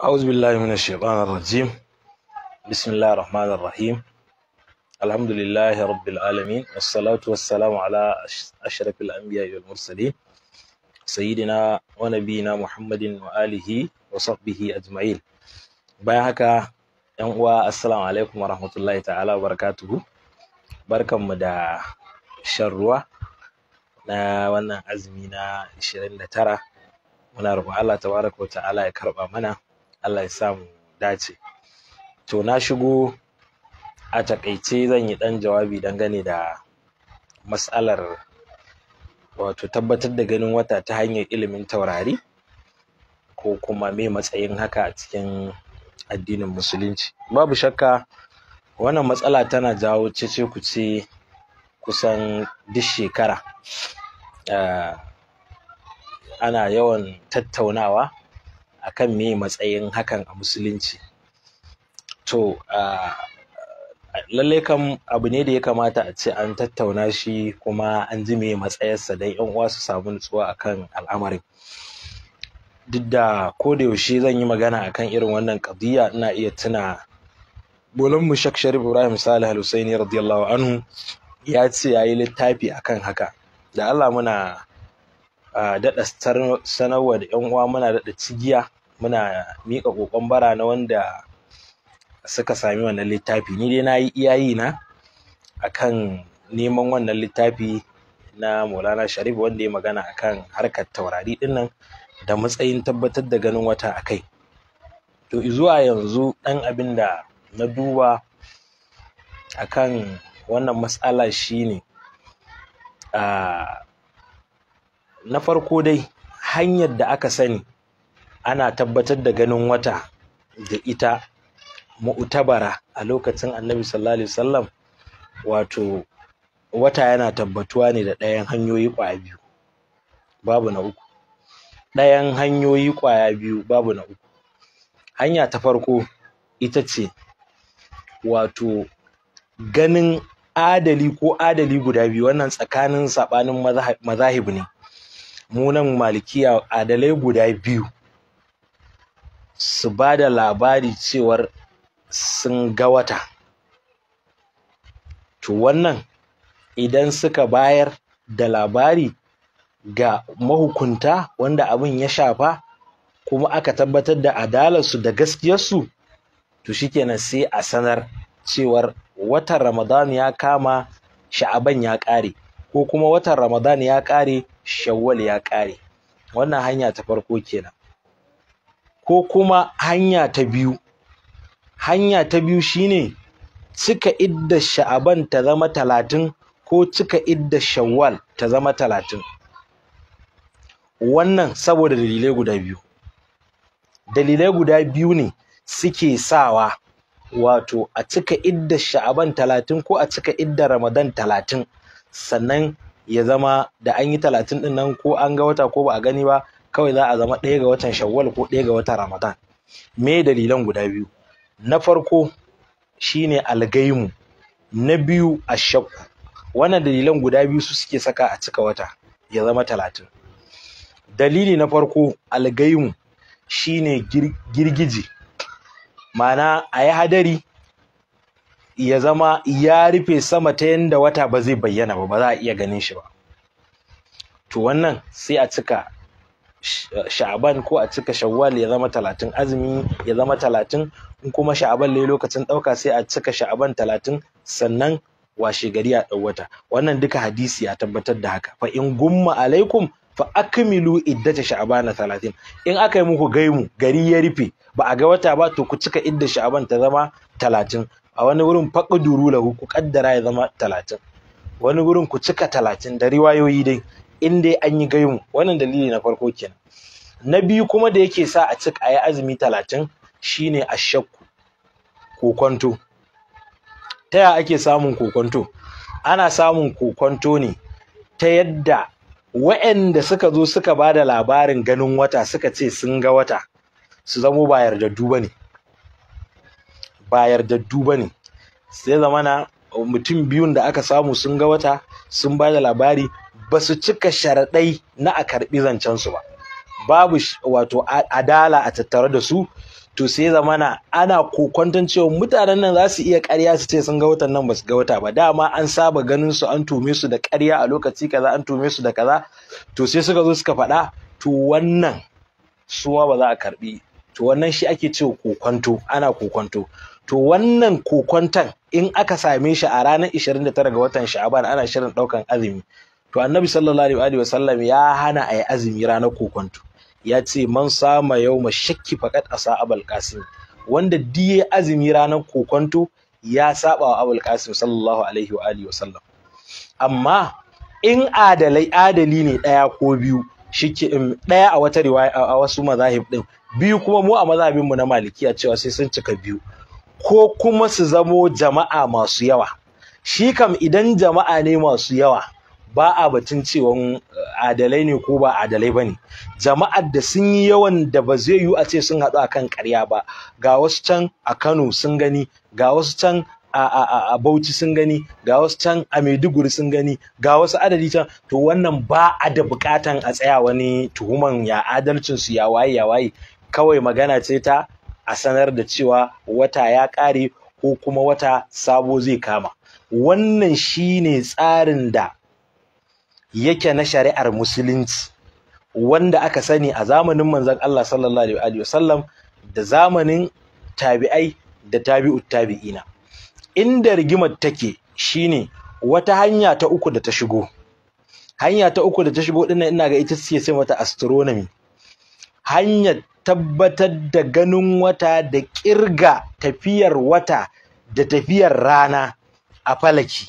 أعوذ بالله من الشيطان الرجيم بسم الله الرحمن الرحيم الحمد لله رب العالمين والصلاة والسلام على أشرف الأنبياء والمرسلين سيدنا ونبينا محمد وآله وصحبه أجمعين bayan haka ‘yan uwa assalamu alaikum warahmatullahi barkatuhu. barakatuhu mu da shan ruwa na wannan azumi na tara. muna roƙon Allah tabaraka wa ya karɓa mana Allah ya sa samu dace to na shigo a takaice zan yi ɗan jawabi dangane da matsalar wato tabbatar da ganin wata ta hanyar ilimin taurari ko kuma me matsayin haka a cikin addinin musulunci babu shakka wannan matsala tana jawo cece kuce kusan duk shekara ah, ana yawan tattaunawa akan me matsayin hakan a musulunci to lalle kam abu ne da ya kamata a ce an tattauna shi kuma an ji me matsayarsa don yan uwa su samu nutsuwa akan al'amarin duk da ko da yaushe zan yi magana akan irin wannan qadiya ina iya tuna bolan mu Sheikh Sharif Ibrahim Salih Al-Husaini radiyallahu anhu ya ce yayi littafi akan haka da Allah muna daɗa sanarwa da yan uwa muna daɗa cigiya muna miƙa ƙoƙon bara na wanda suka sami wannan littafi ni dai na yi iyayi na akan neman wannan littafi na Maulana Sharif wanda ya magana akan harkar taurari ɗinnan da matsayin tabbatar da ganin wata a kai to zuwa yanzu ɗan abin da na duba akan wannan matsala shine a na farko dai hanyar da aka sani ana tabbatar da ganin wata da ita mu'tabara a lokacin annabi sallallahu alaihi wasallam wato wata yana tabbatuwa ne da ɗayan hanyoyi ƙwaya biyu babu na uku ɗayan hanyoyi ƙwaya biyu babu na uku hanya ta farko ita ce wato ganin adali ko adali guda biyu wannan tsakanin saɓanin mazahib ne munan malikiya adalai guda biyu su ba da labari cewar sun ga wata to wannan idan suka bayar da labari ga mahukunta wanda abin ya shafa kuma aka tabbatar da adalarsu da gaskiyarsu to shikenan sai a sanar cewar watan ramadan ya kama sha'aban ya ƙare ko kuma watan ramadan ya ƙare shawwal ya ƙare wannan hanya ta farko kenan ko kuma hanya ta biyu hanya ta biyu shine cika idda sha'aban ta zama talatin ko cika idda shawwal ta zama talatin wannan saboda dalilai guda biyu dalilai guda biyu ne suke sawa wato a cika idda sha'aban talatin ko a cika idda ramadan talatin sannan ya zama da an yi talatin ɗin nan ko an ga wata ko ba a gani ba kawai za a zama ɗaya ga watan shawwal ko ɗaya ga watan ramadan me dalilan guda biyu na farko shine algaimu na biyu ashakku wannan dalilan guda biyu su suke saka a cika wata ya zama talatin dalili na farko algaimu shine girgije ma'ana a yi hadari ya zama ya rufe sama ta yadda wata ba zai bayyana ba ba za a iya ganin shi ba to wannan sai a cika sha'ban ko a cika shawwal ya zama talatin azumi ya zama talatin in kuma sha'aban ne lokacin ɗauka sai a cika sha'aban talatin sannan washe gari a ɗau wannan duka hadisi ya tabbatar da haka fa in gumma alaikum fa akmilu iddata sha'ban talatin in aka yi muku gaimu gari ya rufe ba a ga wata ba to ku cika idda sha'aban ta zama talatin a wani wurin duru lahu ku kaddara ya zama talatin wani wurin ku cika talatin da riwayoyi dai in dai an yi gayu wannan dalili na farko kenan na biyu kuma da yake sa a cika yi azumi talatin shine ashakku kokonto ta ya ake samun kokonto ana samun kokonto ne ta yadda wa'yanda suka zo suka ba da labarin ganin wata suka ce sun ga wata su zamo ba yarda ba ne ba yardaddu ba ne sai zamana mutum biyun da aka samu sun ga wata sun ba da labari ba su cika sharaɗai na a karɓi zancensu ba babu wato adala a tattare da su to sai zamana ana kokwanton cewa mutanen nan za su iya karya su ce sun ga watan nan ba su ga wata ba dama an saba ganin su an tume su da karya a lokaci kaza an tume su da kaza to sai suka zo suka faɗa to wannan suwa ba za a karɓi to wannan shi ake cewa kokwanto ana kokwanto to wannan kokwantan in aka same shi a ranar 29 ga watan sha'aban ana shirin daukan azumi to annabi sallallahu alaihi wa sallam ya hana ayi azumi ranar kokwanto ya ce man sama yau ma shakki a abal qasim wanda diye azumi ranar kokwanto ya saba wa abul qasim sallallahu alaihi wa alihi wa sallam amma in adalai adali ne daya ko biyu shike daya um, a wata riwaya a wasu mazahib din biyu kuma mu a mazhabin mu na malikiya cewa sai sun cika biyu ko kuma su zamo jama'a masu yawa shi kam idan jama'a ne masu yawa ba a batun cewa eh, adalai ne ko ba adalai ba ne jama'ar da sun yi yawan da ba zai yiwu a ce sun haɗu a kan ƙarya ba ga wasu can a kano sun gani ga wasu can a, bauchi sun gani ga wasu can a maiduguri sun gani ga wasu adadi can to wannan ba a da buƙatan a tsaya wani tuhuman ya adalcinsu ya waye ya waye kawai magana ce ta a sanar da cewa wata ya ƙare ko kuma wata sabo zai kama wannan shi ne tsarin da yake na shari'ar musulunci wanda aka sani a zamanin Manzan Allah sallallahu alaihi wasallam da zamanin tabi'ai da tabi'ut tabi'ina inda rigimar take ne. wata hanya ta uku da ta shigo hanya ta uku da ta shigo ɗin ina ga ita ce sai mata astronomy hanyar tabbatar da ganin wata da ƙirga tafiyar wata da tafiyar rana a falaki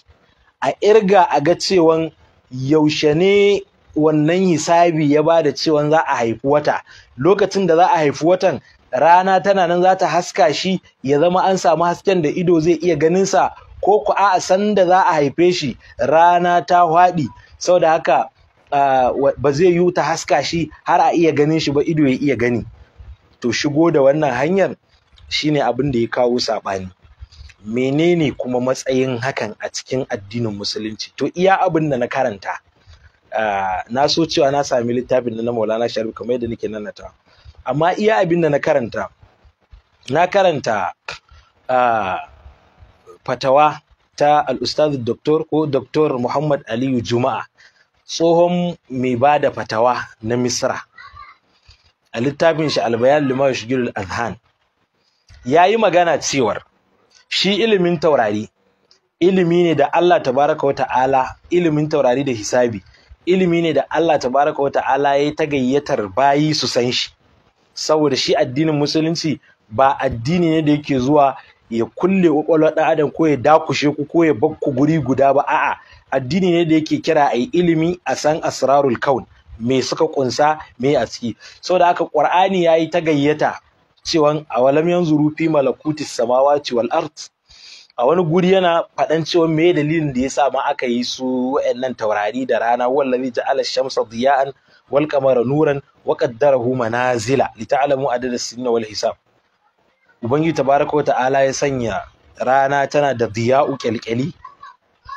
a ƙirga a ga cewan yaushe ne wannan hisabi ya ba da cewan za a haifi wata lokacin da za a haifi watan rana tana nan za ta haska shi ya zama an samu hasken da ido zai iya ganinsa ko ku a san da za a haife shi rana ta haɗi sau da haka ba zai yiwu ta haska shi har a iya ganin shi ba ido ya iya gani to shigo da wannan hanyar shine abin da ya kawo saɓani menene kuma matsayin hakan a cikin addinin musulunci to iya abin da na karanta na so cewa na sami littafin na maulana sharif kamar yadda nake nanata amma iya abin da na karanta na karanta fatawa ta al-ustaz doktor ko doktor muhammad aliyu juma'a tsohon mai ba da fatawa na misra a littafin shi albayan lima yushgilul azhan ya yi magana cewar shi ilimin taurari ilimi ne da Allah tabaraka wa ta'ala ilimin taurari da hisabi ilimi ne da Allah tabaraka wa ta'ala ya ta gayyatar bayi su san shi saboda shi addinin musulunci ba addini ne da yake zuwa ya kulle kwakwalwar ɗan adam ko ya dakushe ku ko ya bakku guri guda ba a'a addini ne da yake kira a yi ilimi a san asrarul kaun me suka kunsa me a ciki saboda haka qur'ani yayi ta gayyata cewa awalam yanzuru fi malakuti samawati wal ard a wani guri yana faɗan cewa me dalilin da yasa ma aka yi su wayannan taurari da rana wallahi ja'ala shamsa diya'an wal qamara nuran wa qaddarahu manazila lita'lamu adada sinna wal hisab ubangiji tabaraka wa ta'ala ya sanya rana tana da diya'u kyalkyali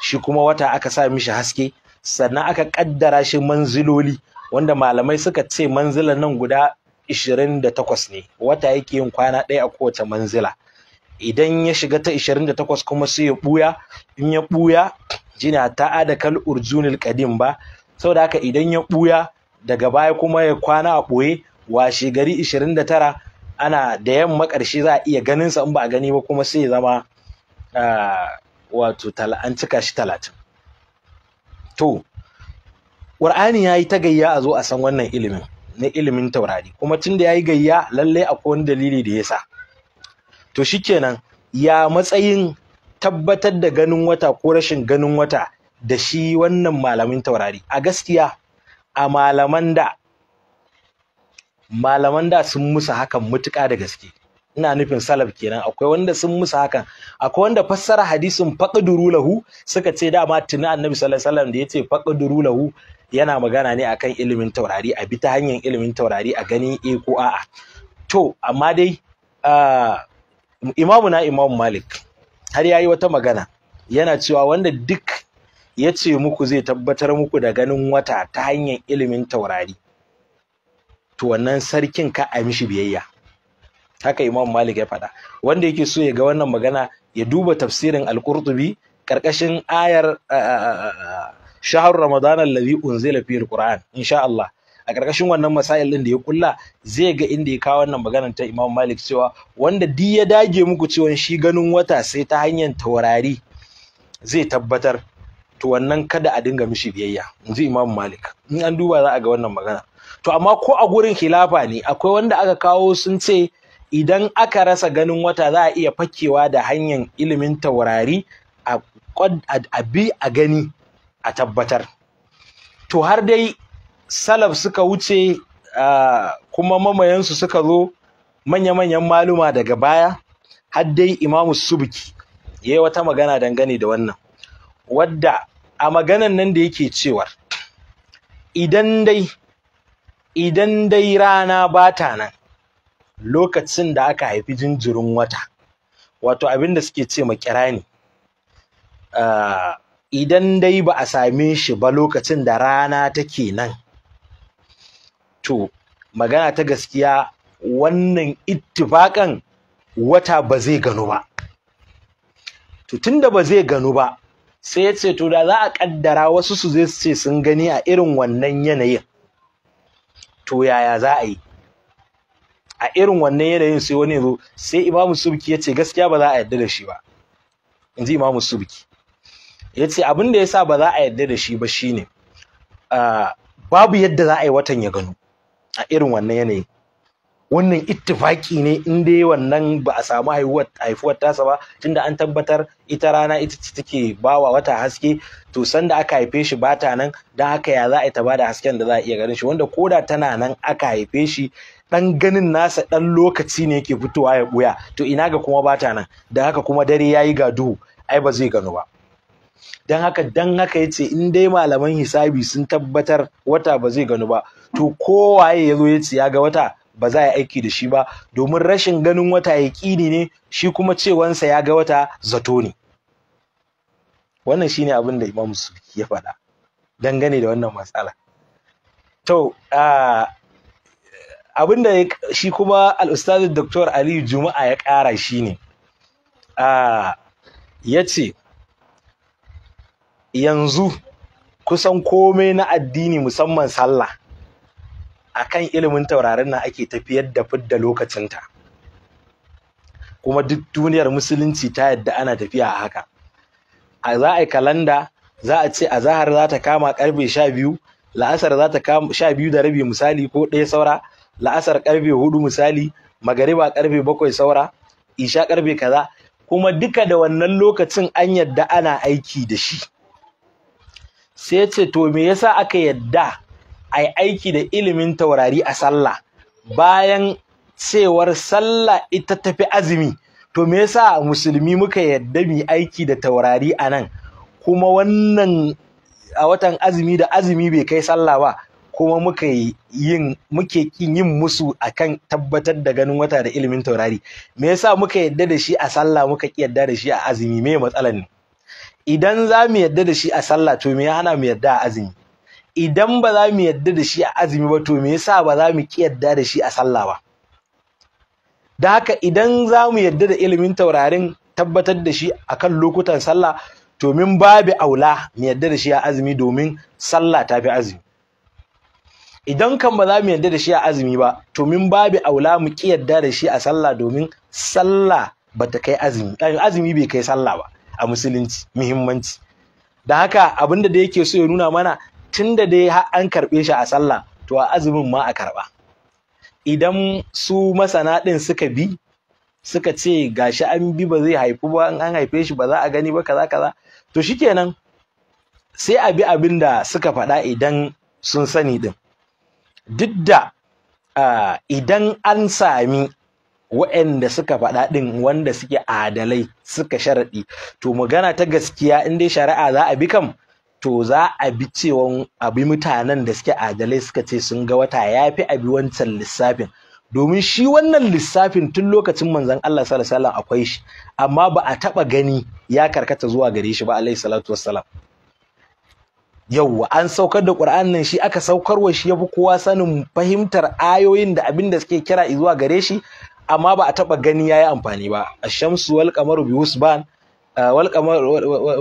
shi kuma wata aka sa mishi haske sannan aka kaddara shi manziloli wanda malamai suka ce manzilan nan guda 28 ne wata yake yin kwana ɗaya a kowace manzila idan ya shiga ta 28 kuma sai ya buya in ya buya jina ta da kal urjunil kadim ba saboda haka idan ya buya daga baya kuma ya kwana a ɓoye washe gari 29 ana da yamma ƙarshe za a iya ganin sa in ba a gani ba kuma sai ya zama ah, wato an cika shi talatin to ƙur'ani ya yi ta gayya a zo a san wannan ilimin na ilimin taurari kuma tun da ya yi gayya lallai akwai wani dalili da ya sa to shikenan ya matsayin tabbatar da ganin wata ko rashin ganin wata da shi wannan malamin taurari a gaskiya a malaman da malaman da sun musu hakan mutuƙa da gaske ina nufin salaf kenan akwai wanda sun musu hakan akwai wanda fassara hadisin faqduru lahu suka ce dama tuna annabi sallallahu alaihi wasallam da yace faqduru lahu yana magana ne akan ilimin taurari a bi ta hanyar ilimin taurari a gani e ko a'a to amma dai ah, imamu na imam malik har yayi wata magana yana cewa wanda duk yace muku zai tabbatar muku da ganin wata ta hanyar ilimin taurari to wannan sarkin ka a mishi biyayya haka imam malik ya faɗa wanda yake so ya ga wannan magana ya duba tafsirin al-qurtubi karkashin ayar shahar ramadan allazi unzila fi al-qur'an insha Allah a karkashin wannan masail din da ya kulla zai ga inda ya kawo wannan maganar ta imam malik cewa wanda di ya dage muku cewa shi ganin wata sai ta hanyar taurari zai tabbatar to wannan kada a dinga mishi biyayya inji imam malik in an duba za a ga wannan magana to amma ko a gurin khilafa ne akwai wanda aka kawo sun ce idan aka rasa ganin wata za a iya fakewa da hanyar ilimin taurari a bi a gani a tabbatar to har dai salaf suka wuce kuma mamayansu suka zo manya-manyan maluma daga baya har dai imamu subki ya yi wata magana dangane da wannan wadda a maganan nan da yake cewar idan dai rana ba ta nan lokacin da aka haifi jinjirin wata wato abin da suke ce ma kirani ah, idan dai ba a same shi ba lokacin da rana take nan to magana ta gaskiya wannan ittifaƙan wata ba zai gano ba to tunda ba zai gano ba sai ya ce to da za a kaddara wasu su zai ce sun gani a irin wannan yanayin to yaya za a yi a irin wannan yanayin sai wani zo sai imamu subki ya ce gaskiya ba za a yarda da shi ba in ji imamu subki ya ce abin da ya sa ba za a yarda da shi ba shine babu yadda za a yi watan ya gano a irin wannan yanayin wannan ittifaki ne in dai wannan ba a samu haifuwar tasa ba tunda an tabbatar ita rana ita ce take bawa wata haske to sanda aka haife shi ba ta nan don haka ya za a yi ta ba da hasken da za a iya ganin shi wanda koda tana nan aka haife shi dan ganin nasa dan lokaci ne yake fitowa ya buya to ina ga kuma bata nan Da haka kuma dare yayi ga duhu ai ba zai gano ba dan haka dan haka yace in dai malaman hisabi sun tabbatar wata ba zai gano ba to kowaye yazo yace ya ga wata ba za a yi aiki da shi ba domin rashin ganin wata yaƙini ne shi kuma cewansa ya ga wata zato ne wannan shine abin da Imam su ya faɗa dangane da wannan matsala to ah, Abin da shi kuma al'ustazin Dr. Aliyu Juma'a ya ƙara shi ne, ya ce, yanzu kusan komai na addini musamman sallah a kan ilimin taurarin na ake tafiyar da fidda lokacinta, kuma duk duniyar musulunci ta yadda ana tafiya a haka. A za a yi kalanda, za a ce a zahar za ta kama karfe sha biyu, la'asar za ta kama sha biyu da rabi misali ko ɗaya saura la'asar karfe hudu misali magariba karfe bakwai saura isha karfe kaza kuma duka da wannan lokacin an yadda ana aiki da shi sai ce to me yasa aka yadda a yi aiki da ilimin taurari a sallah bayan cewar sallah ita tafi azumi to me yasa musulmi muka yadda mu aiki da taurari a nan kuma wannan a watan azumi da azumi bai kai sallah ba kuma muka yin muke kin yin musu akan tabbatar da ganin wata da ilimin taurari me yasa muka yadda da shi a sallah muka ki yadda da shi a azumi me matsalan ne idan za mu yadda da shi a sallah to me ya hana mu yadda a azumi idan ba za mu yadda da shi a azumi ba to me yasa ba za mu ki yadda da shi a sallah ba da haka idan za mu yadda da ilimin taurarin tabbatar da shi akan lokutan sallah to min babu aula mu yadda da shi a azumi domin sallah tafi fi azumi idan kan ba za mu yarda da shi a azumi ba to min babi aula mu ki yarda da shi a sallah domin sallah bata kai azumi Dan eh, azumi bai kai sallah ba a musulunci muhimmanci da haka abinda da yake so ya nuna mana tunda dai har an karɓe shi a sallah to a azumin ma a karɓa idan su masana din suka bi suka ce gashi an bi ba zai haifu ba an haife shi ba za a gani ba kaza kaza to shikenan sai a bi abin da suka faɗa idan sun sani ɗin duk da idan an sami waɗanda suka faɗa ɗin wanda suke adalai suka sharaɗi to magana ta gaskiya in dai shari'a za a bi kam to za a bi cewan abi mutanen da suke adalai suka ce sun ga wata ya fi bi wancan lissafin domin shi wannan lissafin tun lokacin manzon Allah sallallahu akwai shi amma ba a taɓa gani ya karkata zuwa gare shi ba alaihi salatu wassalam yauwa an saukar da ƙur'an nan shi aka saukar wa shi ya fi kowa sanin fahimtar ayoyin da abin da suke kira zuwa gare shi amma ba a taɓa gani ya yi amfani ba a shamsu wal kamaru bi husban wal qamar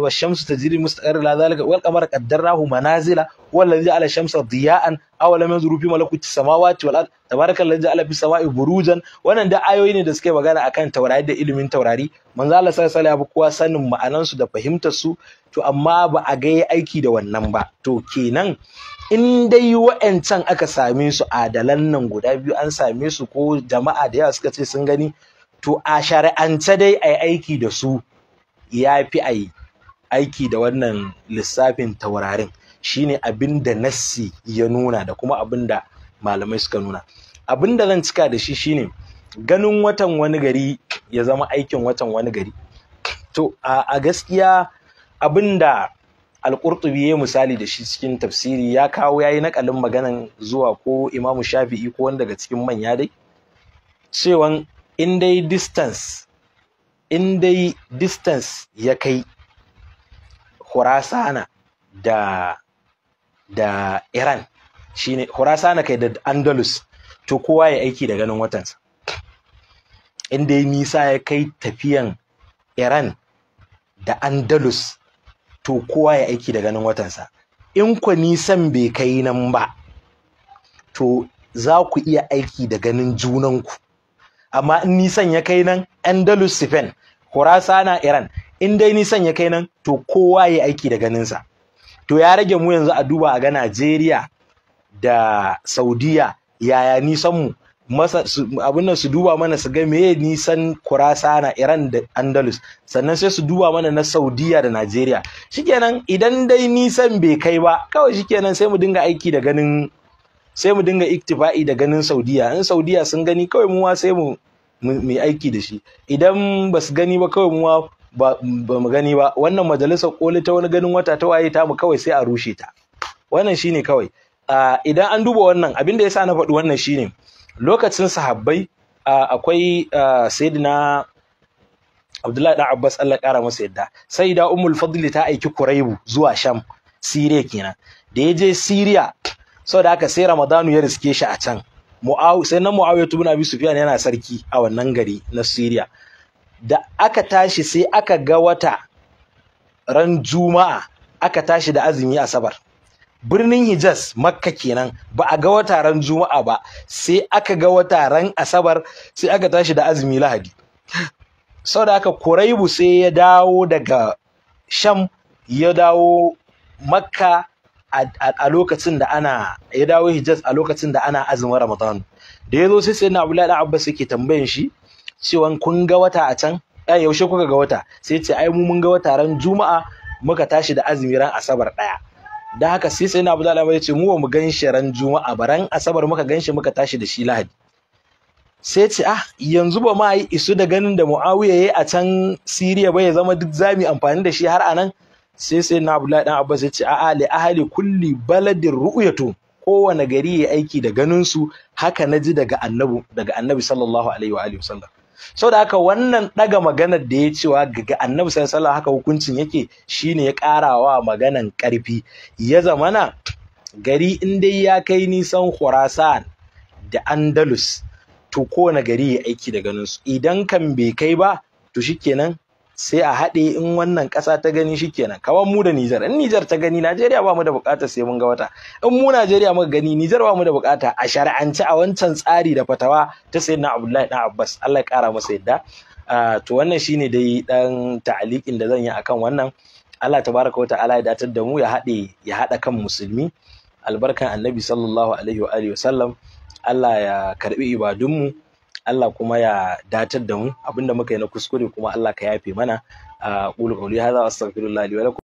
wa shamsu tajri mustaqarra la zalika wal qamara qaddarnahu manazila wal ladhi ja'ala shamsa diya'an aw lam yanzuru fi malakuti samawati wal ard tabarakal ladhi ja'ala fi sama'i burujan wannan da ayoyi ne da suke magana akan taurari da ilimin taurari manzo Allah sallallahu alaihi kowa sanin ma'anan su da fahimtar su to amma ba a ga aiki da wannan ba to kenan in dai wa'ancan aka same su adalan nan guda biyu an same su ko jama'a da yawa suka ce sun gani to a shari'ance dai a yi aiki da su ya fi a yi aiki da wannan lissafin taurarin shine abin da nassi ya nuna da kuma abin da malamai suka nuna abin da zan cika da shi shine ganin watan wani gari ya zama aikin watan wani gari to a gaskiya abin da alƙurtubi ya misali da shi cikin tafsiri ya kawo ya yi nakalin maganan zuwa ko imamu shafi'i ko wani daga cikin manya dai cewan in dai distance in dai distance ya kai Khurasana da da Iran shine Khurasana kai da Andalus to kowa ya aiki da ganin watansa in dai nisa ya kai tafiyan Iran da Andalus to kowa ya aiki da ganin watansa in ku nisan bai kai nan ba to za ku iya aiki da ganin junanku amma in nisan ya kai nan Andalus Spain Khurasana Iran in dai nisan ya kai nan to kowa ya aiki da ganinsa to ya rage mu yanzu a duba a ga Najeriya da Saudiya yaya nisan mu masa abin nan su duba mana su ga meye nisan Khurasana Iran da Andalus sannan sai su duba mana na Saudiya da Najeriya shikenan idan dai nisan bai kai ba kawai shikenan sai mu dinga aiki da ganin sai mu dinga iktifa'i da ganin Saudiya in Saudiya sun gani kawai mu sai mu mai aiki da shi idan ba su gani ba kawai mu ba mu gani ba wannan majalisar koli ta wani ganin wata ta waye ta mu kawai sai a rushe ta wannan shine kawai idan an duba wannan abin da yasa na faɗi wannan shine lokacin sahabbai akwai sayyidina Abdullahi dan Abbas Allah ƙara masa yadda sai da Ummul Fadli ta aiki Kuraibu zuwa Sham Siriya kenan da ya je Siriya saboda haka sai Ramadanu ya riske shi a can sai na mu'awiya ibn abi sufyan yana sarki a wannan gari na Syria da aka tashi sai aka ga wata ran juma'a aka tashi da azumi asabar birnin Hijaz Makka kenan ba a ga wata ran juma'a ba sai aka ga wata ran asabar sai aka tashi da azumi lahadi sau da aka kuraibu sai ya dawo daga sham ya dawo makka a lokacin da ana ya dawo Hijaz a lokacin da ana azumin Ramadan da ya zo sai sayyidina Abdullahi da Abbas yake tambayan shi cewa kun ga wata a can ai eh, yaushe kuka ga wata sai ce ai mu mun ga wata ran Juma'a muka tashi da azumi ran Asabar daya da haka sai sayyidina Abdullahi ya ce mu ba mu gan shi ran Juma'a ba ran Asabar muka gan shi muka tashi da shi Lahadi sai ce ah yanzu ba ma yi isu da ganin da Muawiya yayi a can Siriya ba ya zama duk zami amfani da shi har anan sai sai na abdullahi dan abbas ya ce a'a li ahli kulli baladin ru'yatu kowane gari ya aiki da ganinsu, haka naji daga annabi daga annabi sallallahu alaihi wa alihi wasallam so da haka wannan ɗaga maganar da ya cewa ga annabi sallallahu alaihi haka hukuncin yake shine ya karawa maganan karfi ya zamana gari in dai ya kai nisan Khurasan da Andalus to kowane gari ya aiki da ganin idan kan bai kai ba to shikenan sai a haɗe in wannan ƙasa ta gani shi kenan, kamar mu da Nijar in Nijar ta gani Najeriya ba mu da buƙatar sai mun ga wata in mu Najeriya muka gani Nijar ba mu da buƙata a shari'ance a wancan tsari da fatawa ta na Abdullahi dan Abbas Allah ya ƙara masa yadda to wannan shine dai dan ta'alikin da zan yi akan wannan Allah tabaraka wa ta'ala ya datar da mu ya haɗe ya haɗa kan musulmi albarkan annabi sallallahu alaihi wa alihi wa sallam Allah ya karbi ibadunmu Allah kuma ya datar da mu abinda muka yi na kuskure kuma Allah ka yafe mana a ah, ƙulu qawli hadha astaghfirullah li wa lakum